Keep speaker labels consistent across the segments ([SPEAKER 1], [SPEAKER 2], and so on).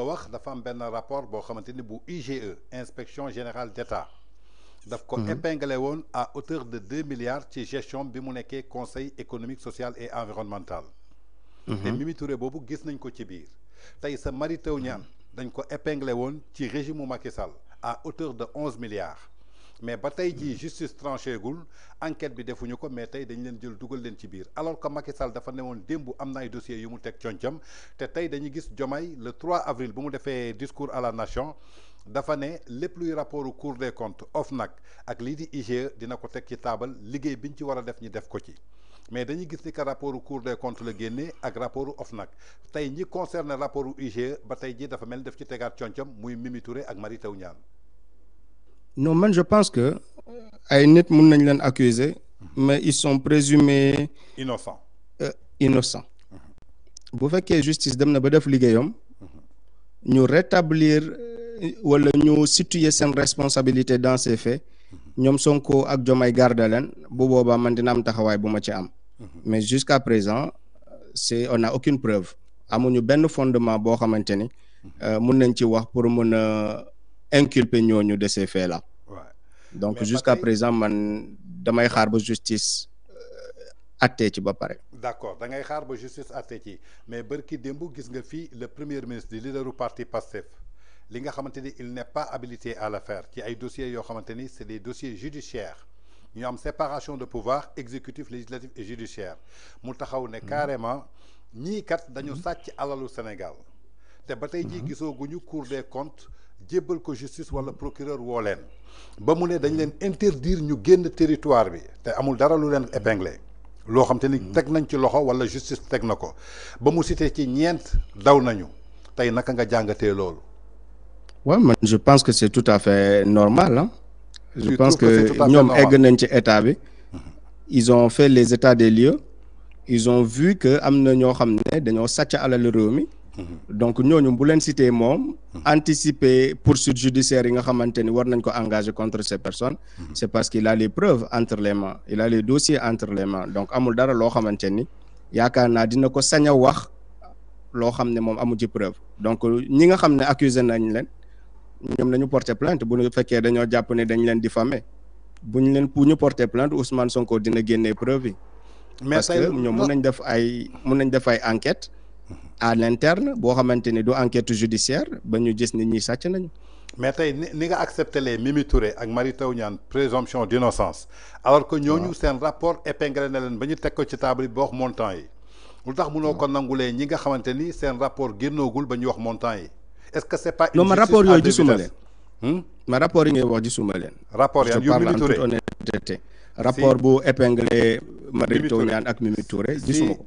[SPEAKER 1] a wax dafa am rapport boo xamante ni bu IGE inspection générale d'État daf ko mhm. épinglé à hauteur de 2 milliards ci gestion bi mu nekkee conseil économique social et environnemental mhm. Et Mimi Touré boobu gis nañ ko ci biir tey sa Mary Niane mhm. dañ ko épinglé ci régime à hauteur de 11 milliards mais bataille tey justice tranché goul enquête bi defuñu ko mais tay dañ leen jël dugal leen ci biir alors que Macky Sall dafa newoon dembu am na ay dossiers yu mu teg concam te tay dañuy gis jomay le 3 avril bu mu defee discours à la nation dafa né lepp luy rapportu Cour des comptes OFNAC ak li di IGE dina ko tek ci table liggéey biñ ci wara def ñi def ko ci mais dañuy gis ni que rapportu Cour des comptes le génné ak rapportu OFNAC tay ñi concerne rapportu IGE ba tey jii dafa mel def ci tégar concam muy Mimi Touré ak Mary Teuw Niane
[SPEAKER 2] non man je pense que ay nit mun nañ accuser mais ils sont présumés innocents euh, innocents bu fekkee justice dem na ba def liggéeyam ñu rétablir euh, wala ñu situer seen responsabilité dans ces faits Nous Sonko ak Diomaye garde leen bu boobaa man dina am taxawaay bu ma ci am mais jusqu'à présent c'est on n'a aucune preuve amuñu benn fondement boo xamante ni euh, mun nañ ci wax pour mun inculper de ces faits là donc jusqu'à présent man damay xaar ba justice euh, atté ci ba paré
[SPEAKER 1] d'accord da ngay xaar ba justice atté ci mais barki dembu gis nga fi le premier ministre leader du parti Pastef li nga xamanteni il n'est pas habilité à le faire ci ay dossiers yo xamanteni c'est des dossiers judiciaires ñu am séparation de pouvoir exécutif législatif et judiciaire mu taxaw né mhm. carrément ñi kat dañu mhm. sàcc alalu Sénégal té batay ji jii mhm. ñu cour des comptes jébbal ko justice wala procureur woo leen ba mu ne dañ leen interdire ñu génn territoire bi te amul dara lu leen épinglé loo xam te ni teg nañ ci loxo wala justice teg na ko ba mu cité ci ñeent daw nañu tey naka nga jàngatee loolu.
[SPEAKER 2] waaw man je pense que c'est tout à fait normal hein? je pense que ñoom egg nañ ci état bi. ils ont fait les états des lieux. ils ont vu que am na ñoo xam ne dañoo sàcc alalu réew mi donc nous, bu leen cité mom anticiper poursuite judiciaire yi nga xamanteni war nañ ko engager contre ces personnes. c'est parce qu'il a les preuves entre les mains il a les dossiers entre les mains donc amul dara lo xamanteni yakarna dina ko sañ a wax lo xam mom amu ci preuve donc ñi nga xam nous, accusé nañ leen ñom nañu porter plainte bu ñu fekkee des japonais, ne dañ leen diffamer nous ñu porter plainte Ousmane Sonko dina des preuve
[SPEAKER 1] mais parce que mënañ
[SPEAKER 2] une enquête. def ay à l'interne bo xamanteni ne du enquête judiciaire ba ñu gis nit ñi sàcc nañu.
[SPEAKER 1] mais tey ni nga accepté les Mimi Touré ak Mary Teuw Niane présomption d'innocence alors que ñooñu seen rapport épinglé na leen ba ñu teg ko ci table bi ba wax montant yi lu tax mënoo ko nangulee ñi nga xamante ni seen rapport génnoogul ba ñu wax montant yi est-ce que c'est pas non ma rapport yooyu gisuma leen
[SPEAKER 2] hmm? ma rapport yi ngay wax gisuma leen rapport yu Mimi Touré rapport bu épinglé Mary Teuw Niane ak Mimi Touré gisuma ko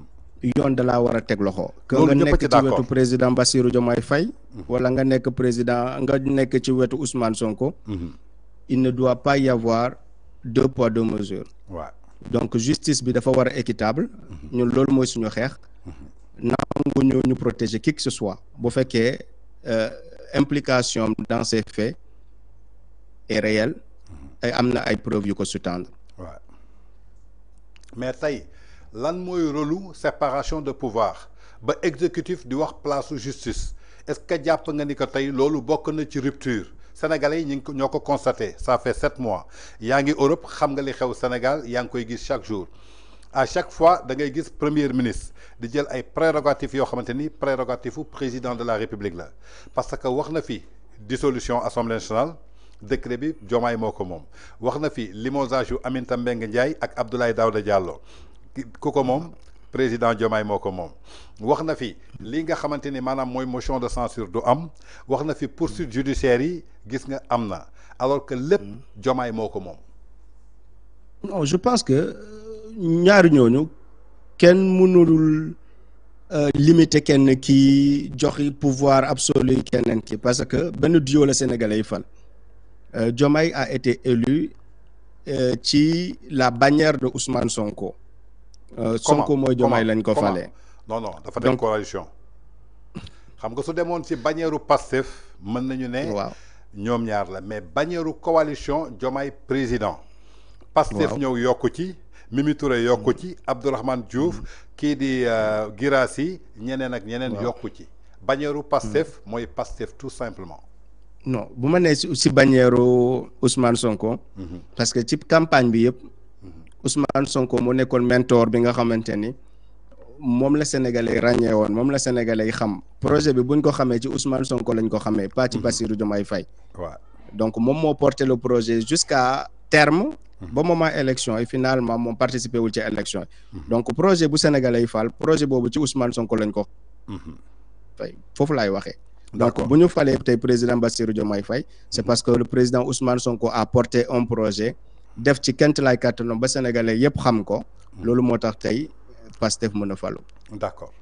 [SPEAKER 2] yoon da laa war a teg loxo. que nga nekk ci wetu président Bassirou Diomaye Faye. Mhm. wala nga nekk président nga nekk ci wetu Ousmane Sonko. Mhm. il ne doit pas y avoir deux poids deux mesures. waaw donc justice bi dafa war a équitable. Mhm. ñun loolu mooy suñu xeex. nanguñu ñu protéger qui que ce soit bu fekkee euh, implication dans ces faits est réelle. ay am na ay preuves yu ko sous-tendre. waaw
[SPEAKER 1] mais tey lan moy relou séparation de pouvoir ba exécutif di wax place justice est-ce que vous nga ni que tey loolu na ci rupture sénégalais yi ñoko constater constaté ça fait sept mois yaa en Europe xam nga li xew Sénégal yaa ngi koy gis chaque jour à chaque fois da ngay premier ministre di jël ay prérogatives yo xamanteni prérogatives président de la république là. parce que wax na fi dissolution assemblée nationale décret bi jomay moko mom wax na fi limogeage amin Aminata Mbengue ak Abdoulaye Daouda Diallo koko mom président Diomaye moko mom waxna fi li nga xamante manam moy motion de censure du am waxna fi poursuite judiciaire yi gis nga amna alors que lépp Diomaye moko mom
[SPEAKER 2] non je pense que ñaari ñooñu kenn mënulul euh, limiter kenn ki joxe pouvoir absolu kenen ki parce que benn duo le sénégalais yi fal euh, Diomaye a été élu euh, ci la bannière de Ousmane Sonko euh, Sonko mooy Diomaye lañ ko falee
[SPEAKER 1] non non dafa def coalition xam nga su demoon ci bannière Pastef mën nañu né ñom ñaar la mais bannière coalition jomay président Pastef ñëw yokku ci Mimi Touré yokku ci Abdourahmane Diouf mm. ki di euh, Girassi ñeneen ak ñeneen yokku ci bannière Pastef moy mm. Pastef tout simplement
[SPEAKER 2] non buma né ci si bannière Ousmane Sonko mm-hmm. parce que ci campagne bi yépp Ousmane Sonko mon nekkoon mentor bi nga xamante ni moom la sénégalais yi ràññee woon la sénégalais yi xam projet bi buñ ko xamee ci Ousmane Sonko lañ ko xamee pas ci mhm. Bassirou Diomaye Faye donc moom moo porté le projet jusqu'à terme mhm. bon moment élection et finalement mon participé wul ci élection yi mhm. donc projet bu sénégalais yi faal projet boobu ci Ousmane Sonko lañ ko fay foofu laay donc bu ñu falee président Bassirou Diomaye Faye c'est parce que le président Ousmane Sonko a porté un projet def ci kent lay kàttanam ba sénégalais yëpp xam ko hmm. loolu moo tax tey Pastef mën a falu d'accord